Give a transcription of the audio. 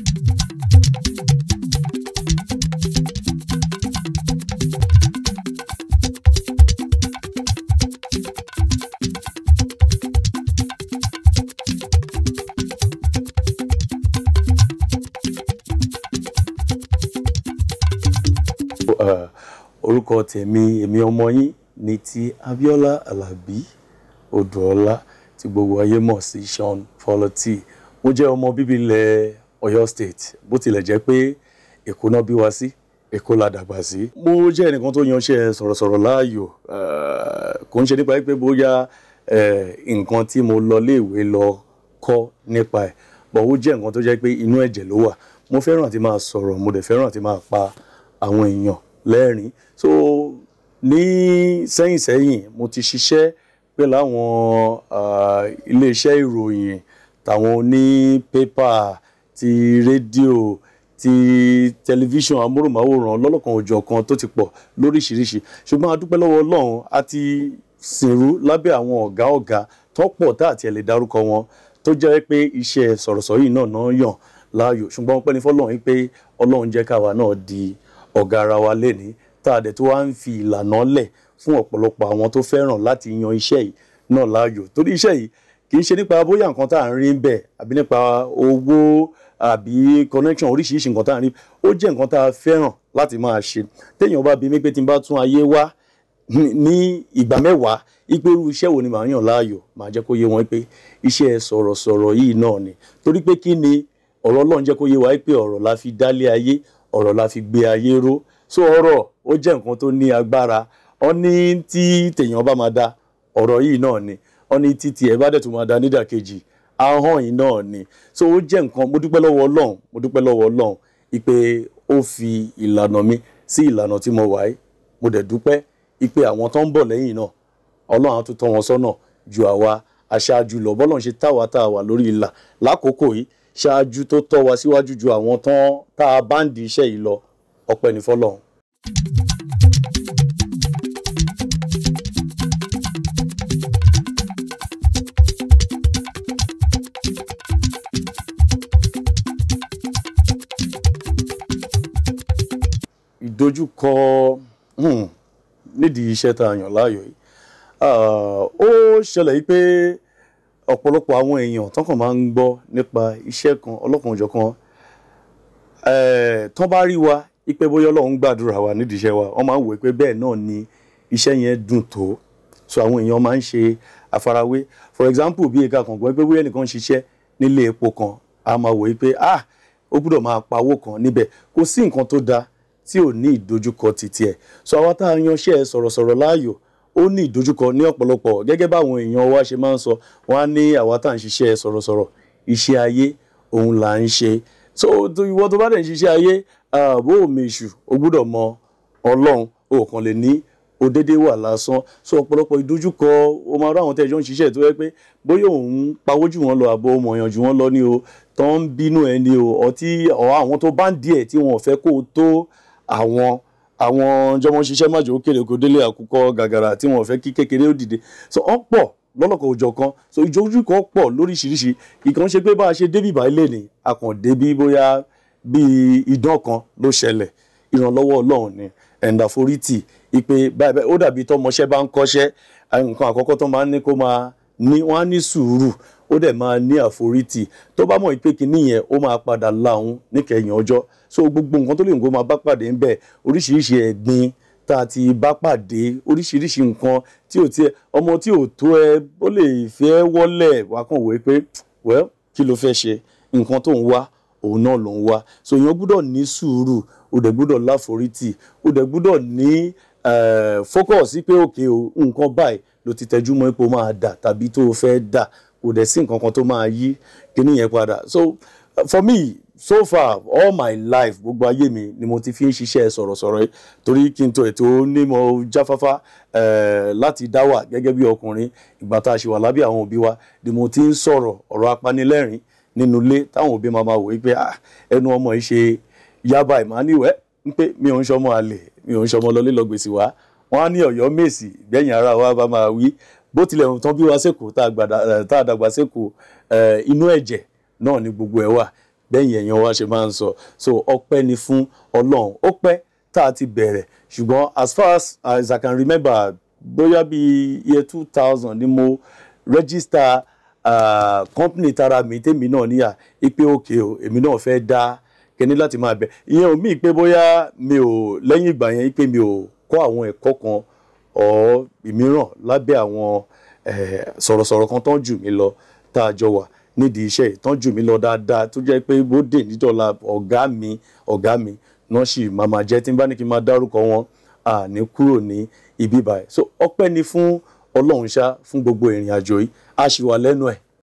Uh, orúkọ tèmi èmi ọmọ yín ní ti Abíọ́lá Alábí Odùọlá tí gbogbo ayé mọ̀ sí Sean Fọlọ́tì mo jẹ́ ọmọ bíbí ilẹ̀ Ọ̀yọ́ state bó tilẹ̀ jẹ́ pé Èkó náà bí wa sí Èkó la dàgbà sí. mo jẹ́ ẹnìkan tó yanṣẹ́ sọ̀rọ̀sọ̀rọ̀ láàyò eh, kò ń ṣe nípa pé bóyá eh, nǹkan tí mo lọ léèwé lọ kọ́ nípa ẹ̀ bọ̀ ó jẹ́ nǹkan tó jẹ́ pé inú ẹ̀jẹ̀ ló wà mo fẹ́ràn àti máa sọ̀rọ̀ mo dẹ̀ fẹ́ràn àti máa pa àwọn èèyàn lẹ́rìn so ní sẹ́yìn sẹ́yìn mo ti ṣiṣẹ́ pẹ̀lú àwọn ah, iléeṣẹ́ ìròyìn tàwọn oní pépà ti rédíò ti tẹlifíṣàn amóhùnmáwòrán lọ́lọ́kan òjọ̀ kan tó ti pọ̀ lóríṣiríṣi ṣùgbọ́n a dúpẹ́ lọ́wọ́ ọlọ́run a ti sìnrú lábẹ́ àwọn ọ̀gá ọ̀gá tó pọ̀ tá àti ẹ̀ lè dárúkọ wọn tó jẹ́ pé iṣẹ́ sọ̀rọ̀sọ̀rọ̀ yìí náà náà yàn láàyò ṣùgbọ́n ọpẹ́ ní fọlọ́run pé ọlọ́run jẹ́ káwa náà di ọ̀gá ara wa lẹ́ni tá a dẹ̀ tó wá ń fi ìlànà lẹ̀ fún ọ̀pọ̀lọpọ̀ àwọn tó fẹ́ràn láti yan iṣẹ́ yìí náà láàyò torí iṣẹ́ yìí kì í ṣe nípa bóyá nǹkan tá à ń rí ń àbí nípa owó àbí connection oríṣiríṣi nǹkan tá à ń rí ó jẹ́ nǹkan tá a fẹ́ràn láti máa ṣe téèyàn bá bi mí pé tí n bá tún ayé wá ní ìgbà mẹ́wàá ipe irú iṣẹ́ wo ni màá yàn láàyò màá jẹ́ kó yé wọn pé iṣẹ́ sọ̀rọ̀sọ̀rọ̀ yìí náà ni torí pé kí ni ọ̀rọ̀ Ọlọ́run jẹ́ kó yé wa pé ọ̀rọ̀ la fi dálé ayé ọ̀rọ̀ la fi gbé ayé ró so ọ̀rọ̀ ó jẹ́ nǹkan tó ní agbára wọ́n ní tí tèèyàn bá máa da ọ̀rọ̀ yìí náà ni wọ́n títí ẹ̀ bá dẹ̀ tó máa da nídàkejì ahọ́n yìí náà ni so ó jẹ́ nǹkan mo dúpẹ́ lọ́wọ́ ọlọ́run mo dúpẹ́ lọ́wọ́ ọlọ́run ìpè ó fi ìlànà mi sí ìlànà tí mo wáyé mo dẹ̀ dúpẹ́ ìpè àwọn tó ń bọ̀ lẹ́yìn náà ọlọ́run á tún tọ́ wọn sọ́nà ju àwa aṣáájú lọ bọ́lọ́run ṣe táwa tá a wà lórí ìlà lákòókò yìí ṣáájú tó tọ́ wa síwájú ju àwọn tán tá a bá ń di iṣẹ́ yìí lọ ọpẹ́ ní ìdojúkọ hmm, nídìí iṣẹ́ tá a yàn láàyò yìí ah, ó ṣẹlẹ̀ yìí pé ọ̀pọ̀lọpọ̀ àwọn èèyàn tán kàn máa ń gbọ́ nípa iṣẹ́ kan ọlọ́kan òjọ̀kan eh, tán bá rí wa ipe bóyá ọlọ́run gbàdúrà wa nídìí iṣẹ́ wa wọ́n máa ń wò pé bẹ́ẹ̀ náà ni iṣẹ́ yẹn dùn tó so àwọn èèyàn máa ń ṣe àfarawé for example bí ìka kan gbọ́ pé bóyá ẹnìkan ṣiṣẹ́ nílé epo kan a máa wò pé ah ó gbúdọ̀ máa pawó kan níbẹ̀ kò sí nǹkan tó dáa tí ò ní ìdojúkọ títí ẹ̀ sọ àwa tá a yanṣẹ́ sọ̀rọ̀sọ̀rọ̀ láàyò ó ní ìdojúkọ ní ọ̀pọ̀lọpọ̀ gẹ́gẹ́ báwọn èèyàn wa ṣe máa ń sọ wọ́n á ní àwa tá à ń ṣiṣẹ́ sọ̀rọ̀sọ̀rọ̀ iṣẹ́ ayé òun là ń ṣe so ìwọ tó bá dẹ̀ ń ṣiṣẹ́ ayé ààbò òmèṣù o gbúdọ̀ mọ ọlọ́run o kàn lè ní o dédé wà lásán so ọ̀pọ̀lọpọ̀ ìdojúkọ o máa rá àwọn tẹ́jọ́ ń ṣiṣẹ́ tó yẹ pé bóyá òun pawó jù wọ́n lọ àbọ̀ mọ̀yàn jù wọ́n lọ ni o tó ń bínú ẹ ni o ọtí àwọn tó bá ń díẹ̀ tí wọn ò fẹ́ kó o tó àwọn àwọn jọmọ ṣiṣẹ́ májò kéré kò délé àkùkọ gàgàrà tí wọ́n fẹ́ kí kékeré ó dìde so ó pọ̀ lọ́lọ́kọ̀ òjọ̀ kan so ìjọ́jú kan pọ̀ lóríṣiríṣi ìkan ṣe pé bá a ṣe débì báyìí lè ní akàn débì bóyá bíi idán kan ló ṣẹlẹ̀ ìrànlọ́wọ́ ọlọ́run ni ẹ̀ǹdàforítì ìpè báyìí báyìí ó dàbí tọmọṣẹ́ bá ń kọ́ṣẹ́ nǹkan àkọ́kọ́ tó máa ń ní kó máa ní wọ́n á ní sùúrù ó dẹ̀ máa ní àforítì tó bá mọ̀ pé kinní yẹn ó máa padà láhùn níkẹyìn ọjọ́ so gbogbo nǹkan tó lè nǹkan máa bá pàdé ń bẹ oríṣiríṣi ẹ̀gbin tá a ti bá pàdé oríṣiríṣi nǹkan tí ò tiẹ̀ ọmọ tí ò tó ẹ ó lè fẹ́ wọ́lẹ̀ wá kàn wé pé well kí ló fẹ́ ṣe nǹkan tó ń wá òun náà ló ń wá so èèyàn gbúdọ̀ ní sùúrù ó dẹ̀ gbúdọ̀ láforítì ó dẹ̀ gbúdọ̀ ní focus sí pé òkè o nǹkan báyìí ló ti tẹjú mọ́ ipò máa dà tàbí tó o fẹ́ dà kò dẹ̀ sí nǹkan kan tó máa yí kíní yẹn padà so for me so far all my life gbogbo ayé mi ni mo ti fi ń ṣiṣẹ́ sọ̀rọ̀sọ̀rọ̀ yìí torí kí n tó ètò onímọ̀ jáfáfá láti dá wà gẹ́gẹ́ bí ọkùnrin ìgbà tá a ṣe wà lábẹ́ àwọn òbí wa ni mo ti ń sọ̀rọ̀ ọ̀rọ̀ apanilẹ́rìn nínú ilé táwọn òbí máa ma wò pé ah, ẹnu ọmọ yìí ṣe yaba ìmáníwẹ́ pé mi ò ń ṣọmọ àlè mi ò ń ṣọmọ lọlé lọ gbèsè wá wọn á ní Ọ̀yọ́ Mèsì gbẹ̀yìn ara wa bá máa wí bó tilẹ̀ ń tán bí wá sẹ́kọ̀ọ́ tá a dàgbà sẹ́kọ̀ọ́ inú ẹ̀jẹ̀ náà ni gbogbo ẹ̀ wà bẹ́yìn ẹ̀yàn wa ṣe máa ń sọ so ọpẹ́ ni fún ọlọ́run ó pẹ́ tá a ti bẹ̀rẹ̀ ṣùgbọ́n as far as, as I can remember bóyá bí year two thousand ni mo register uh, company tara mi tèmi náà níyà ipe òkè o èmi náà fẹ́ dá kíní láti máa bẹ̀ ìyẹn ò mí pé bóyá mi ò lẹ́yìn ìgbà yẹn pé mi ò kọ́ àwọn ẹ̀kọ́ kan or ìmíràn lábẹ́ àwọn sọ̀rọ̀sọ̀rọ̀ kan tán jù mí lọ tá a jọ wà nídìí iṣẹ́ ìtàn jù mí lọ dáadáa tó jẹ́ pé bóde nídọ̀la ọ̀gá mi ọ̀gá mi náà sì máa máa jẹ́ tí n bá ní kí n máa dárúkọ wọn àní kúrò ní ibi báyìí so ọpẹ́ ni fún Ọlọ́run ṣá fún gbogbo ìrìn àjò yìí a sì wà lẹ́nu ẹ̀